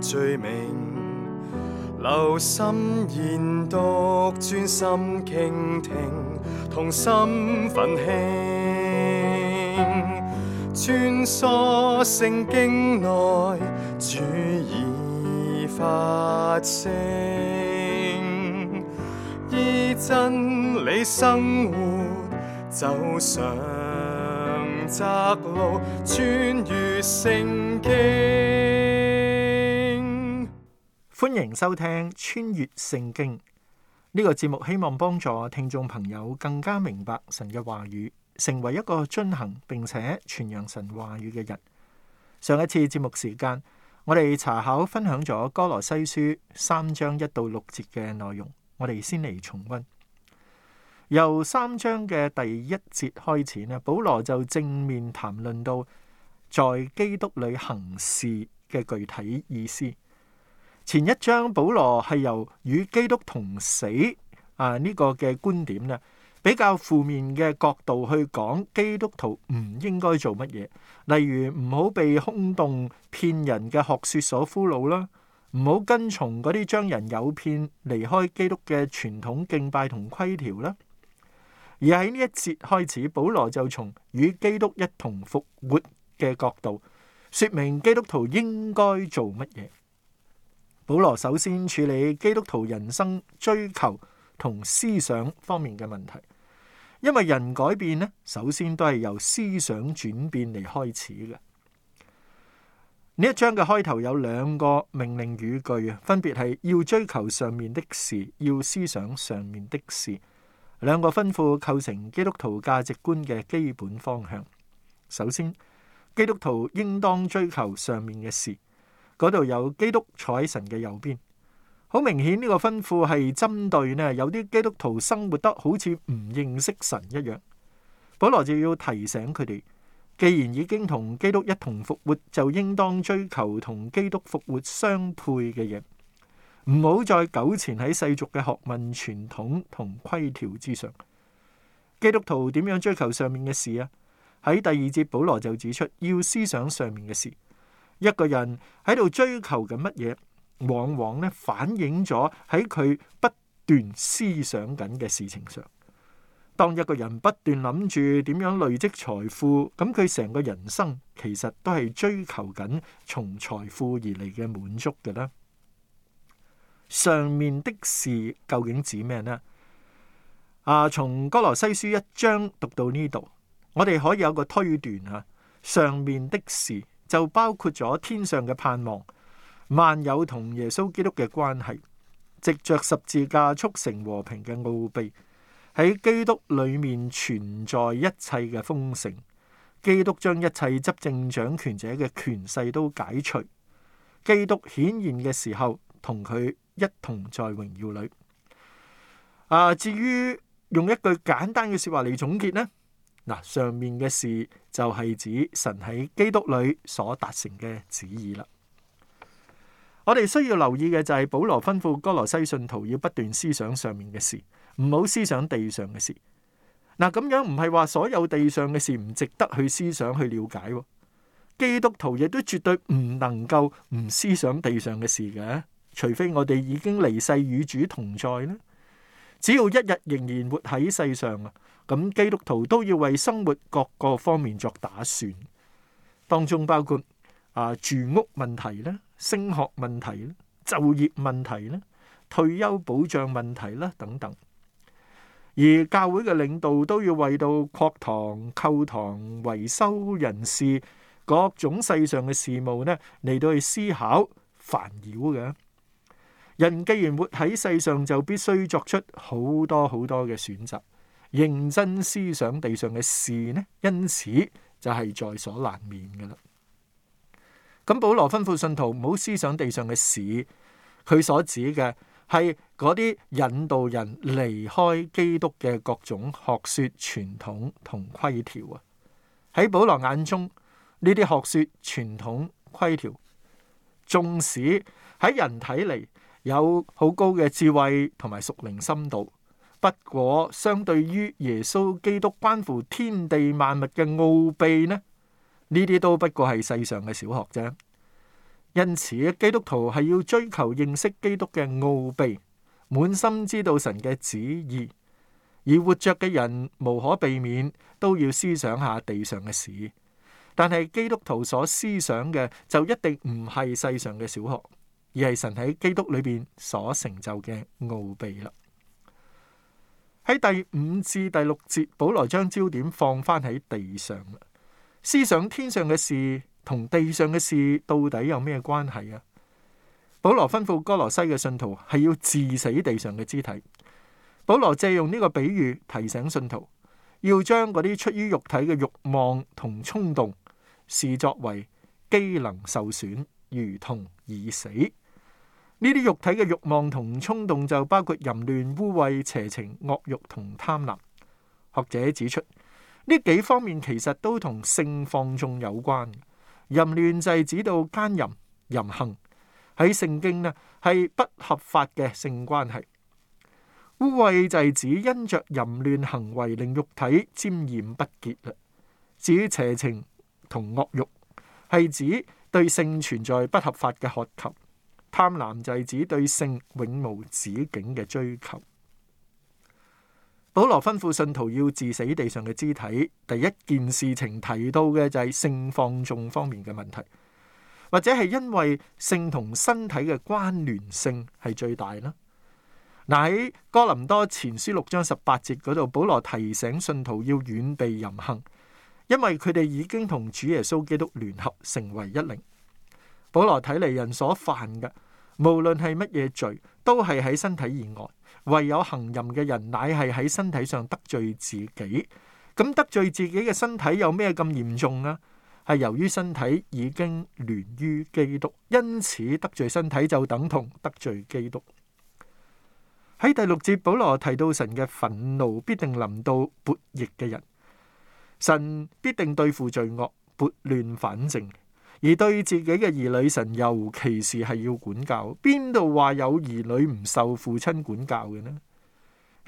罪名，留心研讀，專心傾聽，同心奮興，穿梭聖經內，主已發聲，依真理生活，走上窄路，穿越聖經。歡迎收聽《穿越聖經》呢個節目，希望幫助聽眾朋友更加明白神嘅話語，成為一個遵行並且傳揚神話語嘅人。上一次節目時間，我哋查考分享咗《歌羅西書》三章一到六節嘅內容，我哋先嚟重溫。由三章嘅第一節開始呢，保羅就正面談論到在基督裏行事嘅具體意思。前一章保羅係由與基督同死啊呢、這個嘅觀點咧，比較負面嘅角度去講基督徒唔應該做乜嘢，例如唔好被空洞騙人嘅學說所俘虜啦，唔好跟從嗰啲將人誘騙離開基督嘅傳統敬拜同規條啦。而喺呢一節開始，保羅就從與基督一同復活嘅角度，說明基督徒應該做乜嘢。保羅首先處理基督徒人生追求同思想方面嘅問題，因為人改變呢，首先都係由思想轉變嚟開始嘅。呢一章嘅開頭有兩個命令語句啊，分別係要追求上面的事，要思想上面的事。兩個吩咐構成基督徒價值觀嘅基本方向。首先，基督徒應當追求上面嘅事。嗰度有基督坐喺神嘅右邊，好明顯呢個吩咐係針對呢，有啲基督徒生活得好似唔認識神一樣。保羅就要提醒佢哋，既然已經同基督一同復活，就應當追求同基督復活相配嘅嘢，唔好再糾纏喺世俗嘅學問、傳統同規條之上。基督徒點樣追求上面嘅事啊？喺第二節，保羅就指出要思想上面嘅事。一個人喺度追求緊乜嘢，往往咧反映咗喺佢不斷思想緊嘅事情上。當一個人不斷諗住點樣累積財富，咁佢成個人生其實都係追求緊從財富而嚟嘅滿足嘅咧。上面的事究竟指咩呢？啊，從歌羅西書一章讀到呢度，我哋可以有個推斷啊。上面的事。就包括咗天上嘅盼望、萬有同耶穌基督嘅關係，藉着十字架促成和平嘅奧秘，喺基督裏面存在一切嘅豐盛。基督將一切執政掌權者嘅權勢都解除。基督顯現嘅時候，同佢一同在榮耀裏。啊，至於用一句簡單嘅說話嚟總結呢？嗱，上面嘅事就係指神喺基督裏所達成嘅旨意啦。我哋需要留意嘅就係保羅吩咐哥羅西信徒要不斷思想上面嘅事，唔好思想地上嘅事。嗱，咁樣唔係話所有地上嘅事唔值得去思想去了解哦。基督徒亦都絕對唔能夠唔思想地上嘅事嘅，除非我哋已經離世與主同在呢。只要一日仍然活喺世上啊！咁基督徒都要為生活各個方面作打算，當中包括啊、呃、住屋問題咧、升學問題咧、就業問題咧、退休保障問題啦等等。而教會嘅領導都要為到擴堂、購堂、維修人士各種世上嘅事務咧嚟到去思考煩擾嘅人。既然活喺世上，就必須作出好多好多嘅選擇。認真思想地上嘅事呢？因此就係在所難免噶啦。咁保羅吩咐信徒唔好思想地上嘅事，佢所指嘅係嗰啲引導人離開基督嘅各種學說、傳統同規條啊。喺保羅眼中，呢啲學說、傳統、規條，縱使喺人睇嚟，有好高嘅智慧同埋屬靈深度。不過，相對於耶穌基督關乎天地萬物嘅奧秘呢，呢啲都不過係世上嘅小學啫。因此，基督徒係要追求認識基督嘅奧秘，滿心知道神嘅旨意。而活着嘅人無可避免都要思想下地上嘅事，但係基督徒所思想嘅就一定唔係世上嘅小學，而係神喺基督裏面所成就嘅奧秘啦。喺第五至第六節，保羅將焦點放翻喺地上，思想天上嘅事同地上嘅事到底有咩關係啊？保羅吩咐歌羅西嘅信徒係要致死地上嘅肢體。保羅借用呢個比喻提醒信徒，要將嗰啲出於肉體嘅欲望同衝動視作為機能受損，如同已死。呢啲肉體嘅欲望同衝動就包括淫亂、污穢、邪情、惡欲同貪婪。學者指出，呢幾方面其實都同性放縱有關。淫亂就係指到姦淫、淫行，喺聖經呢，係不合法嘅性關係。污穢就係指因着淫亂行為令肉體沾染不潔啦。至於邪情同惡欲，係指對性存在不合法嘅渴求。貪婪就係指對性永無止境嘅追求。保羅吩咐信徒要致死地上嘅肢體，第一件事情提到嘅就係性放縱方面嘅問題，或者係因為性同身體嘅關聯性係最大啦。嗱，喺哥林多前書六章十八節嗰度，保羅提醒信徒要遠避淫行，因為佢哋已經同主耶穌基督聯合成為一靈。保羅睇嚟人所犯嘅。無論係乜嘢罪，都係喺身體以外；唯有行淫嘅人，乃係喺身體上得罪自己。咁得罪自己嘅身體有咩咁嚴重呢？係由於身體已經聯於基督，因此得罪身體就等同得罪基督。喺第六節，保羅提到神嘅憤怒必定臨到悖逆嘅人，神必定對付罪惡，撥亂反正。而對自己嘅兒女神，尤其是係要管教，邊度話有兒女唔受父親管教嘅呢？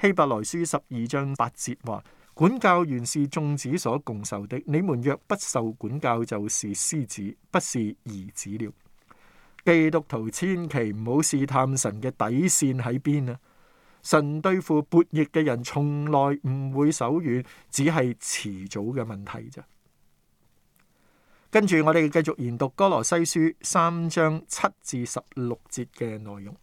希伯來書十二章八節話：管教原是眾子所共受的，你們若不受管教，就是私子，不是兒子了。基督徒千祈唔好試探神嘅底線喺邊啊！神對付叛逆嘅人，從來唔會手軟，只係遲早嘅問題啫。跟住我哋繼續研讀《歌羅西書》三章七至十六節嘅內容。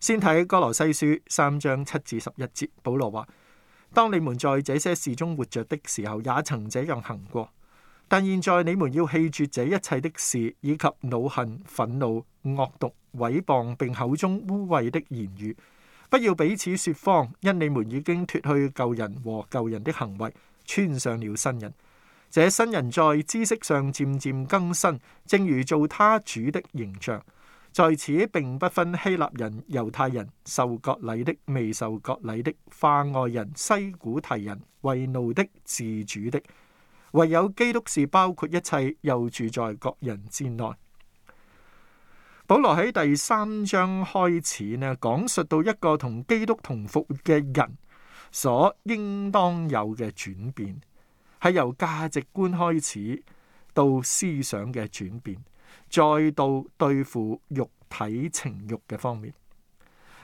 先睇《歌羅西書》三章七至十一節，保羅話：當你們在這些事中活着的時候，也曾這樣行過。但現在你們要棄絕這一切的事，以及惱恨、憤怒、惡毒、毀謗，並口中污穢的言語，不要彼此說謊，因你們已經脱去舊人和舊人的行為，穿上了新人。這新人在知識上漸漸更新，正如做他主的形象，在此並不分希臘人、猶太人、受割禮的、未受割禮的、化外人、西古提人、為奴的、自主的，唯有基督是包括一切，又住在各人之內。保羅喺第三章開始呢，講述到一個同基督同復活嘅人所應當有嘅轉變。係由價值觀開始到思想嘅轉變，再到對付肉體情欲嘅方面。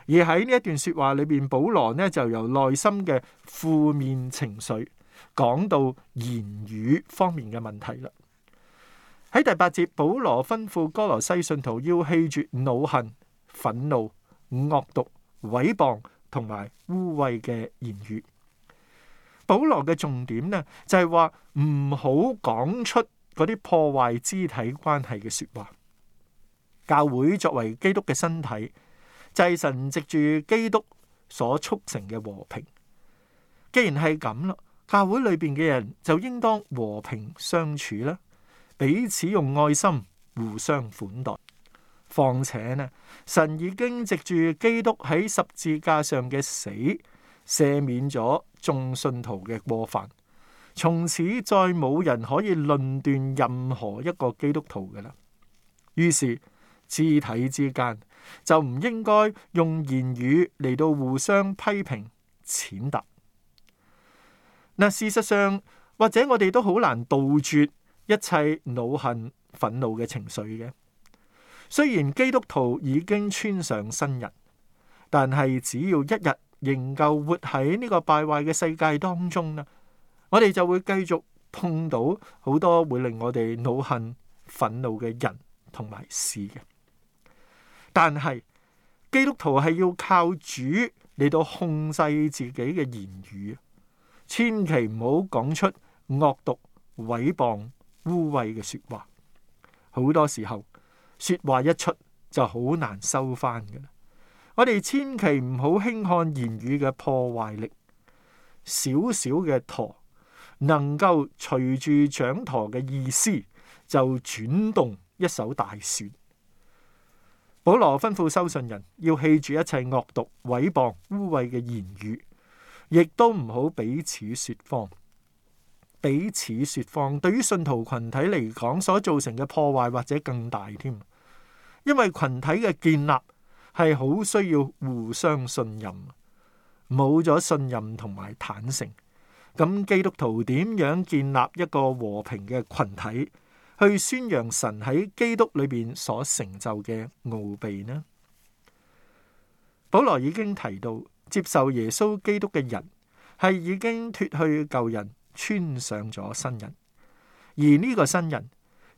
而喺呢一段說話裏邊，保羅呢就由內心嘅負面情緒講到言語方面嘅問題啦。喺第八節，保羅吩咐歌羅西信徒要棄絕惱恨、憤怒、惡毒、毀謗同埋污穢嘅言語。保羅嘅重點呢，就係話唔好講出嗰啲破壞肢體關係嘅說話。教會作為基督嘅身體，就係、就是、神藉住基督所促成嘅和平。既然係咁啦，教會裏邊嘅人就應當和平相處啦，彼此用愛心互相款待。況且呢，神已經藉住基督喺十字架上嘅死。赦免咗眾信徒嘅過犯，從此再冇人可以論斷任何一個基督徒嘅啦。於是肢體之間就唔應該用言語嚟到互相批評、踐踏。嗱，事實上或者我哋都好難杜絕一切惱恨、憤怒嘅情緒嘅。雖然基督徒已經穿上新人，但係只要一日仍舊活喺呢個敗壞嘅世界當中，呢我哋就會繼續碰到好多會令我哋惱恨、憤怒嘅人同埋事嘅。但係基督徒係要靠主嚟到控制自己嘅言語，千祈唔好講出惡毒、毀謗、污穢嘅說話。好多時候，說話一出就好難收翻㗎。我哋千祈唔好輕看言語嘅破壞力，小小嘅舵能夠隨住掌舵嘅意思就轉動一艘大船。保羅吩咐收信人要棄住一切惡毒、毀謗、污穢嘅言語，亦都唔好彼此說謊。彼此說謊對於信徒群體嚟講，所造成嘅破壞或者更大添，因為群體嘅建立。係好需要互相信任，冇咗信任同埋坦誠，咁基督徒點樣建立一個和平嘅群體，去宣揚神喺基督裏邊所成就嘅奧秘呢？保羅已經提到，接受耶穌基督嘅人係已經脱去舊人，穿上咗新人，而呢個新人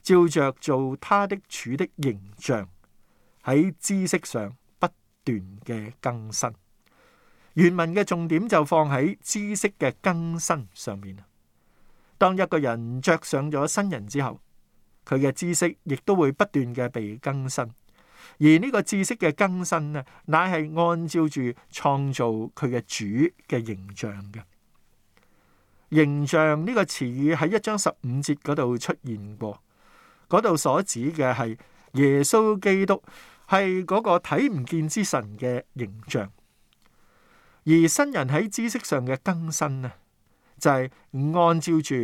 照着做他的主的形象喺知識上。段嘅更新，原文嘅重點就放喺知識嘅更新上面啊。當一個人着上咗新人之後，佢嘅知識亦都會不斷嘅被更新。而呢個知識嘅更新呢，乃係按照住創造佢嘅主嘅形象嘅。形象呢個詞語喺一章十五節嗰度出現過，嗰度所指嘅係耶穌基督。係嗰個睇唔見之神嘅形象，而新人喺知識上嘅更新呢，就係按照住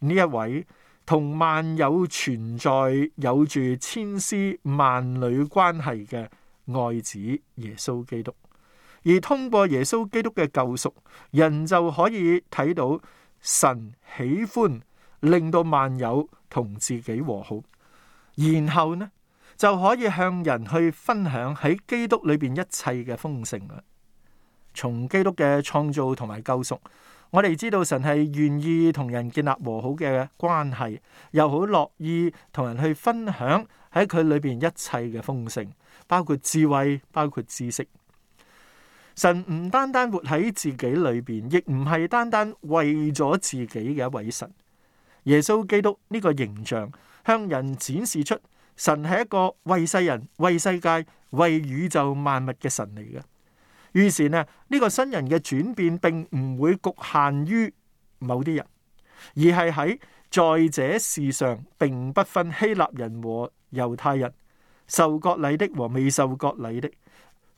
呢一位同萬有存在有住千絲萬縷關係嘅愛子耶穌基督，而通過耶穌基督嘅救贖，人就可以睇到神喜歡令到萬有同自己和好，然後呢，就可以向人去分享喺基督裏邊一切嘅豐盛啦。從基督嘅創造同埋救贖，我哋知道神係願意同人建立和好嘅關係，又好樂意同人去分享喺佢裏邊一切嘅豐盛，包括智慧，包括知識。神唔單單活喺自己裏邊，亦唔係單單為咗自己嘅一位神耶穌基督呢個形象向人展示出。神係一個為世人、為世界、為宇宙萬物嘅神嚟嘅，於是呢，呢、這個新人嘅轉變並唔會局限於某啲人，而係喺在，在這世上並不分希臘人和猶太人、受割禮的和未受割禮的、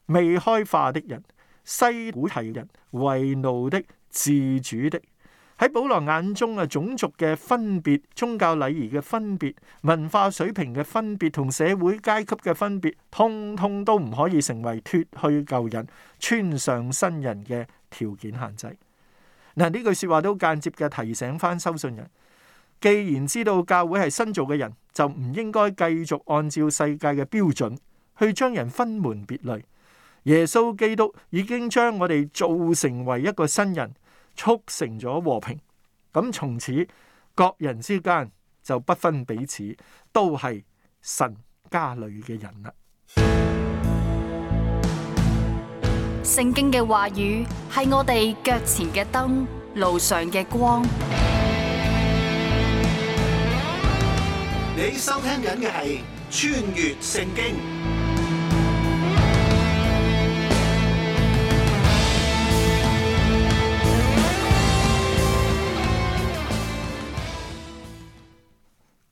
未開化的人、西古提人、為奴的、自主的。喺保羅眼中啊，種族嘅分別、宗教禮儀嘅分別、文化水平嘅分別同社會階級嘅分別，通通都唔可以成為脫去舊人、穿上新人嘅條件限制。嗱，呢句說話都間接嘅提醒翻收信人：既然知道教會係新造嘅人，就唔應該繼續按照世界嘅標準去將人分門別類。耶穌基督已經將我哋做成為一個新人。促成咗和平，咁從此各人之間就不分彼此，都係神家裏嘅人啦。聖經嘅話語係我哋腳前嘅燈，路上嘅光。你收聽緊嘅係《穿越聖經》。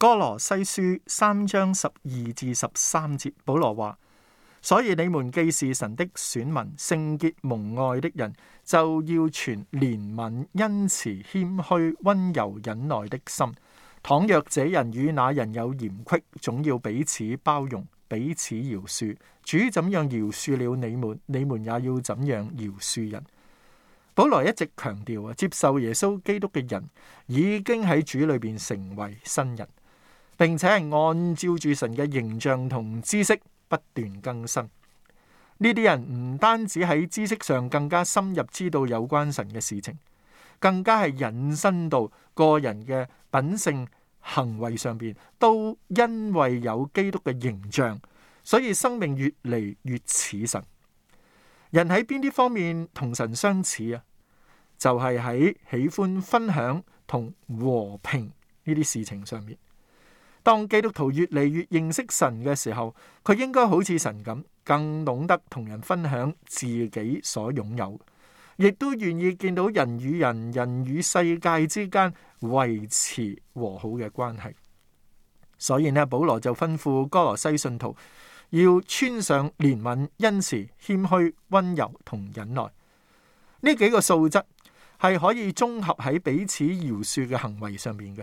歌羅西書三章十二至十三節，保羅話：所以你們既是神的選民，聖潔蒙愛的人，就要傳憐憫、恩慈謙虛、謙虛、溫柔、忍耐的心。倘若這人與那人有嫌隙，總要彼此包容，彼此饒恕。主怎樣饒恕了你們，你們也要怎樣饒恕人。保羅一直強調啊，接受耶穌基督嘅人已經喺主裏邊成為新人。並且係按照住神嘅形象同知識不斷更新。呢啲人唔單止喺知識上更加深入知道有關神嘅事情，更加係引申到個人嘅品性行為上邊，都因為有基督嘅形象，所以生命越嚟越似神。人喺邊啲方面同神相似啊？就係喺喜歡分享同和平呢啲事情上面。當基督徒越嚟越認識神嘅時候，佢應該好似神咁，更懂得同人分享自己所擁有，亦都願意見到人與人、人與世界之間維持和好嘅關係。所以呢，保羅就吩咐哥羅西信徒要穿上憐憫、恩慈、謙虛、温柔同忍耐呢幾個素質，係可以綜合喺彼此饒恕嘅行為上面嘅。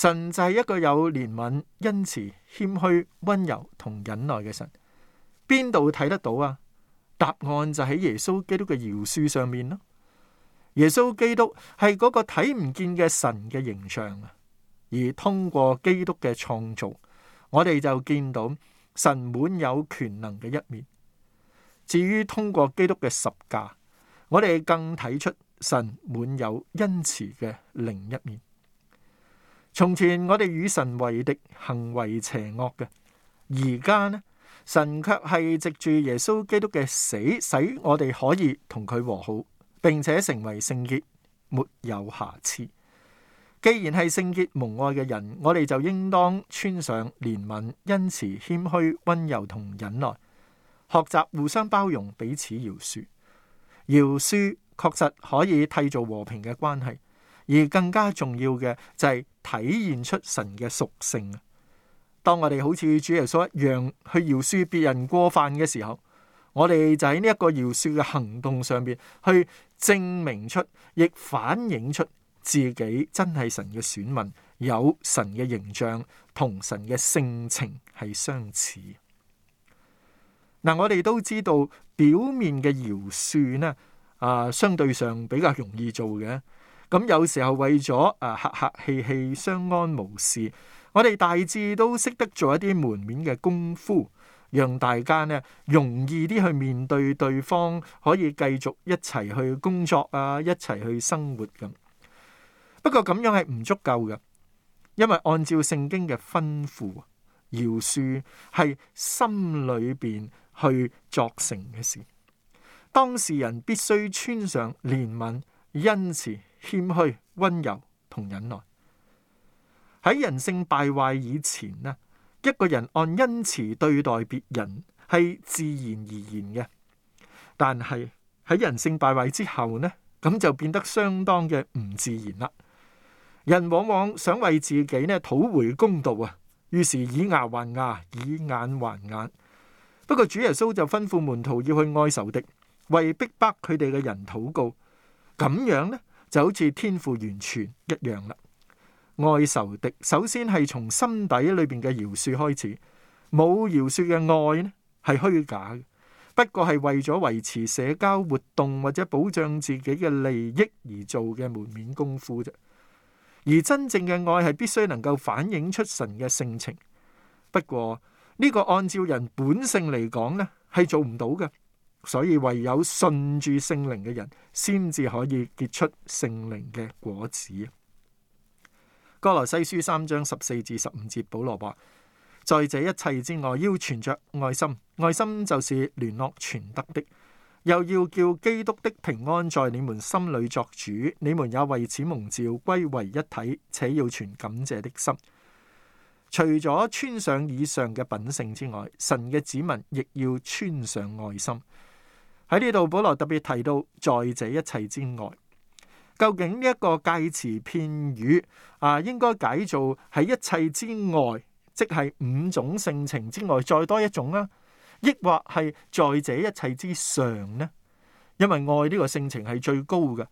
神就係一個有憐憫、恩慈、謙虛、温柔同忍耐嘅神，邊度睇得到啊？答案就喺耶穌基督嘅饒恕上面咯。耶穌基督係嗰個睇唔見嘅神嘅形象啊，而通過基督嘅創造，我哋就見到神滿有權能嘅一面。至於通過基督嘅十架，我哋更睇出神滿有恩慈嘅另一面。從前我哋與神為敵，行為邪惡嘅，而家呢，神卻係藉住耶穌基督嘅死，使我哋可以同佢和好，並且成為聖潔，沒有瑕疵。既然係聖潔蒙愛嘅人，我哋就應當穿上憐憫、恩慈、謙虛、温柔同忍耐，學習互相包容，彼此饒恕。饒恕確實可以締造和平嘅關係。而更加重要嘅就係體現出神嘅屬性。當我哋好似主耶穌一樣去饒恕別人過犯嘅時候，我哋就喺呢一個饒恕嘅行動上邊去證明出，亦反映出自己真係神嘅選民，有神嘅形象同神嘅性情係相似。嗱、嗯，我哋都知道表面嘅饒恕呢，啊相對上比較容易做嘅。咁有時候為咗誒、啊、客客氣氣相安無事，我哋大致都識得做一啲門面嘅功夫，讓大家呢容易啲去面對對方，可以繼續一齊去工作啊，一齊去生活咁。不過咁樣係唔足夠嘅，因為按照聖經嘅吩咐，饒恕係心裏邊去作成嘅事，當事人必須穿上憐憫，因此。謙虛、溫柔同忍耐。喺人性敗壞以前呢，一個人按恩慈對待別人係自然而然嘅。但係喺人性敗壞之後呢，咁就變得相當嘅唔自然啦。人往往想為自己呢討回公道啊，於是以牙還牙，以眼還眼。不過主耶穌就吩咐門徒要去愛仇敵，為逼迫佢哋嘅人禱告，咁樣呢，就好似天父完全一樣啦，愛仇敵首先係從心底裏邊嘅饒恕開始，冇饒恕嘅愛呢係虛假嘅，不過係為咗維持社交活動或者保障自己嘅利益而做嘅門面功夫啫。而真正嘅愛係必須能夠反映出神嘅性情，不過呢個按照人本性嚟講呢係做唔到嘅。所以唯有信住聖靈嘅人，先至可以結出聖靈嘅果子。歌羅西書三章十四至十五節，保羅話：在這一切之外，要存着愛心，愛心就是聯絡全德的；又要叫基督的平安在你們心裏作主。你們也為此蒙召，歸為一體，且要存感謝的心。除咗穿上以上嘅品性之外，神嘅子民亦要穿上愛心。喺呢度，保羅特別提到，在這一切之外，究竟呢一個介詞片語啊，應該解做喺一切之外，即係五種性情之外再多一種啊，抑或係在這一切之上呢？因為愛呢個性情係最高嘅，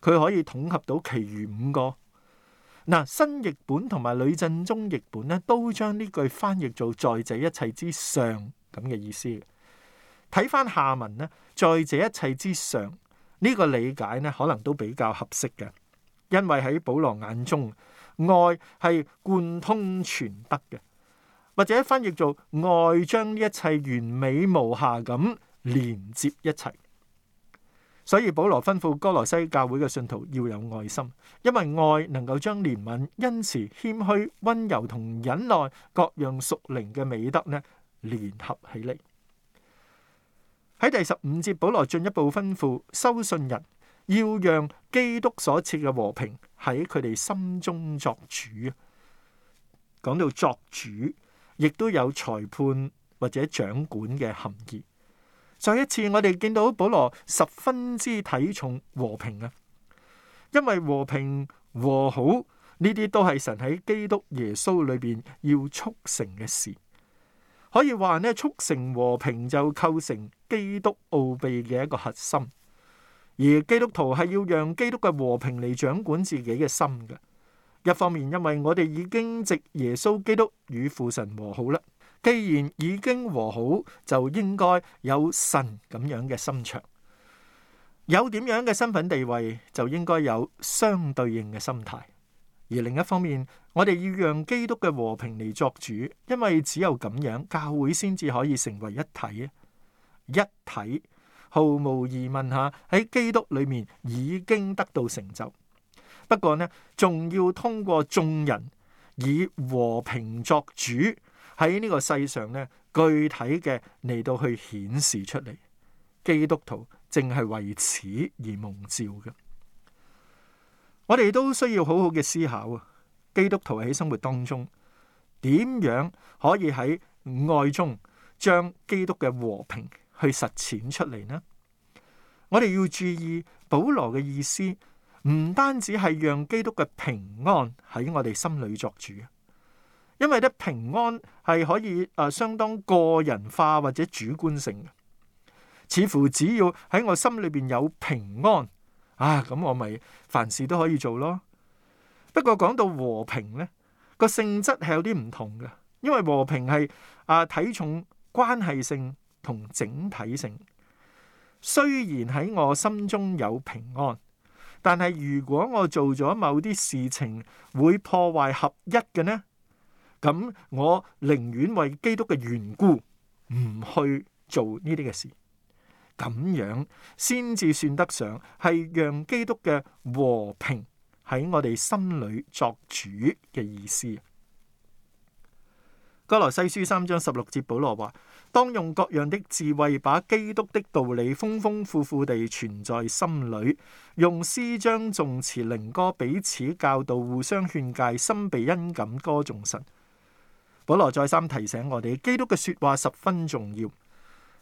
佢可以統合到其餘五個。嗱、啊，新譯本同埋呂振中譯本呢，都將呢句翻譯做在這一切之上咁嘅意思。睇翻下文呢，在這一切之上，呢、這個理解呢，可能都比較合適嘅，因為喺保羅眼中，愛係貫通全德嘅，或者翻譯做愛將一切完美無瑕咁連接一切。所以保羅吩咐哥羅西教會嘅信徒要有愛心，因為愛能夠將憐憫、恩慈、謙虛、温柔同忍耐各樣屬靈嘅美德呢聯合起嚟。喺第十五節，保羅進一步吩咐收信人要讓基督所賜嘅和平喺佢哋心中作主啊！講到作主，亦都有裁判或者掌管嘅含義。再一次，我哋見到保羅十分之睇重和平啊，因為和平和好呢啲都係神喺基督耶穌裏邊要促成嘅事。可以話咧，促成和平就構成基督奧秘嘅一個核心，而基督徒係要讓基督嘅和平嚟掌管自己嘅心嘅。一方面，因為我哋已經藉耶穌基督與父神和好啦，既然已經和好，就應該有神咁樣嘅心腸。有點樣嘅身份地位，就應該有相對應嘅心態。而另一方面，我哋要讓基督嘅和平嚟作主，因為只有咁樣，教會先至可以成為一體。一體毫無疑問下，喺基督裏面已經得到成就。不過呢，仲要通過眾人以和平作主，喺呢個世上呢，具體嘅嚟到去顯示出嚟。基督徒正係為此而蒙召嘅。我哋都需要好好嘅思考啊！基督徒喺生活當中點樣可以喺愛中將基督嘅和平去實踐出嚟呢？我哋要注意保羅嘅意思，唔單止係讓基督嘅平安喺我哋心裏作主，因為咧平安係可以誒、呃、相當個人化或者主觀性嘅，似乎只要喺我心裏邊有平安。啊，咁我咪凡事都可以做咯。不過講到和平呢，個性質係有啲唔同嘅，因為和平係啊體重關係性同整體性。雖然喺我心中有平安，但係如果我做咗某啲事情會破壞合一嘅呢？咁我寧願為基督嘅緣故唔去做呢啲嘅事。咁樣先至算得上係讓基督嘅和平喺我哋心裏作主嘅意思。歌羅西書三章十六節，保羅話：當用各樣的智慧，把基督的道理豐豐富富地存在心裏，用詩章、頌詞、靈歌彼此教導、互相勸戒，心被恩感，歌頌神。保羅再三提醒我哋，基督嘅說話十分重要。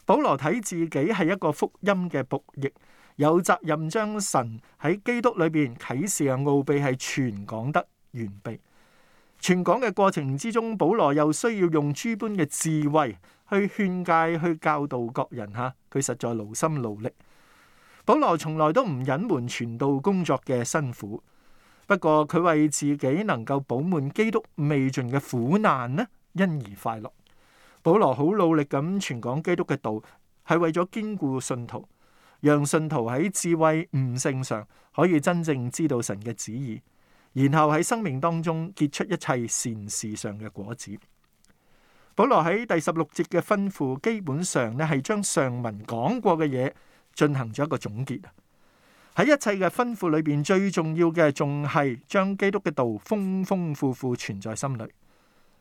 保羅睇自己係一個福音嘅僕役，有責任將神喺基督裏邊啟示嘅奧秘係全講得完備。全講嘅過程之中，保羅又需要用諸般嘅智慧去勸誡、去教導各人吓，佢實在勞心勞力。保羅從來都唔隱瞞傳道工作嘅辛苦，不過佢為自己能夠補滿基督未盡嘅苦難呢，因而快樂。保羅好努力咁傳講基督嘅道，係為咗堅固信徒，讓信徒喺智慧悟性上可以真正知道神嘅旨意，然後喺生命當中結出一切善事上嘅果子。保羅喺第十六節嘅吩咐基本上咧係將上文講過嘅嘢進行咗一個總結。喺一切嘅吩咐裏邊最重要嘅仲係將基督嘅道豐豐富富存在心裏。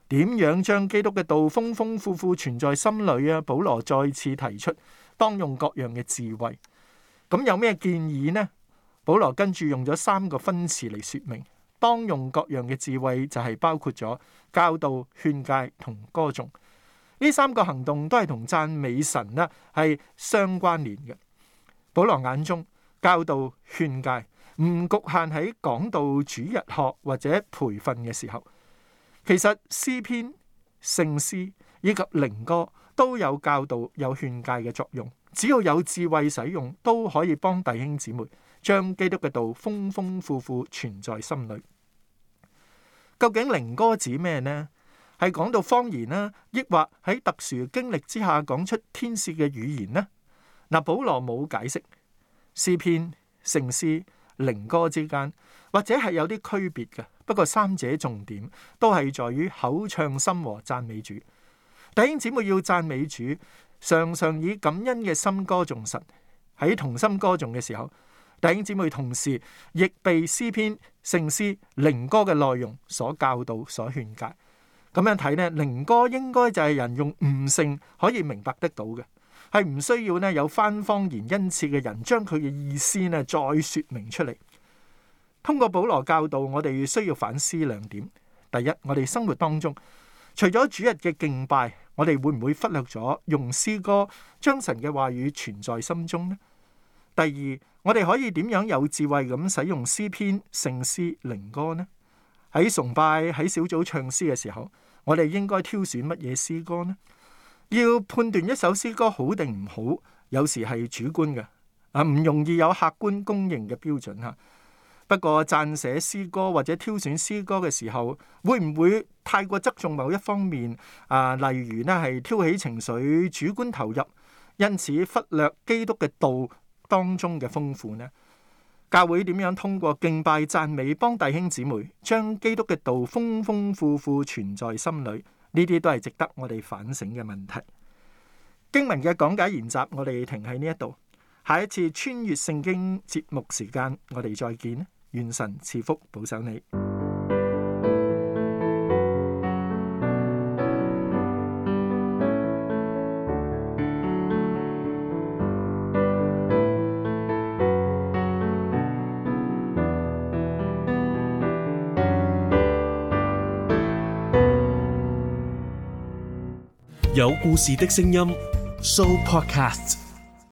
點樣將基督嘅道豐豐富富存在心裏啊？保羅再次提出，當用各樣嘅智慧。咁有咩建議呢？保羅跟住用咗三個分詞嚟說明，當用各樣嘅智慧就係包括咗教導、勸誡同歌頌呢三個行動，都係同讚美神呢係相關聯嘅。保羅眼中，教導勸誡唔局限喺講道主日學或者培訓嘅時候。其實詩篇、聖詩以及靈歌都有教導、有勸誡嘅作用。只要有智慧使用，都可以幫弟兄姊妹將基督嘅道豐豐富富存在心裏。究竟靈歌指咩呢？係講到方言啦，抑或喺特殊經歷之下講出天使嘅語言呢？嗱，保羅冇解釋詩篇、聖詩、靈歌之間或者係有啲區別嘅。不過三者重點都係在於口唱心和讚美主。弟兄姊妹要讚美主，常常以感恩嘅心歌頌神。喺同心歌頌嘅時候，弟兄姊妹同時亦被詩篇、聖詩、靈歌嘅內容所教導、所勸戒。咁樣睇呢，靈歌應該就係人用悟性可以明白得到嘅，係唔需要呢有翻方言恩賜嘅人將佢嘅意思呢再説明出嚟。通過保羅教導，我哋需要反思兩點。第一，我哋生活當中除咗主日嘅敬拜，我哋會唔會忽略咗用詩歌將神嘅話語存在心中呢？第二，我哋可以點樣有智慧咁使用詩篇、聖詩、靈歌呢？喺崇拜、喺小組唱詩嘅時候，我哋應該挑選乜嘢詩歌呢？要判斷一首詩歌好定唔好，有時係主觀嘅啊，唔容易有客觀公認嘅標準吓。不過撰寫詩歌或者挑選詩歌嘅時候，會唔會太過側重某一方面？啊，例如呢係挑起情緒、主觀投入，因此忽略基督嘅道當中嘅豐富呢？教會點樣通過敬拜讚美，幫弟兄姊妹將基督嘅道豐豐富富存在心裡？呢啲都係值得我哋反省嘅問題。經文嘅講解研習，我哋停喺呢一度。下一次穿越聖經節目時間，我哋再見。願神賜福保守你。有故事的聲音，Sooo Podcast。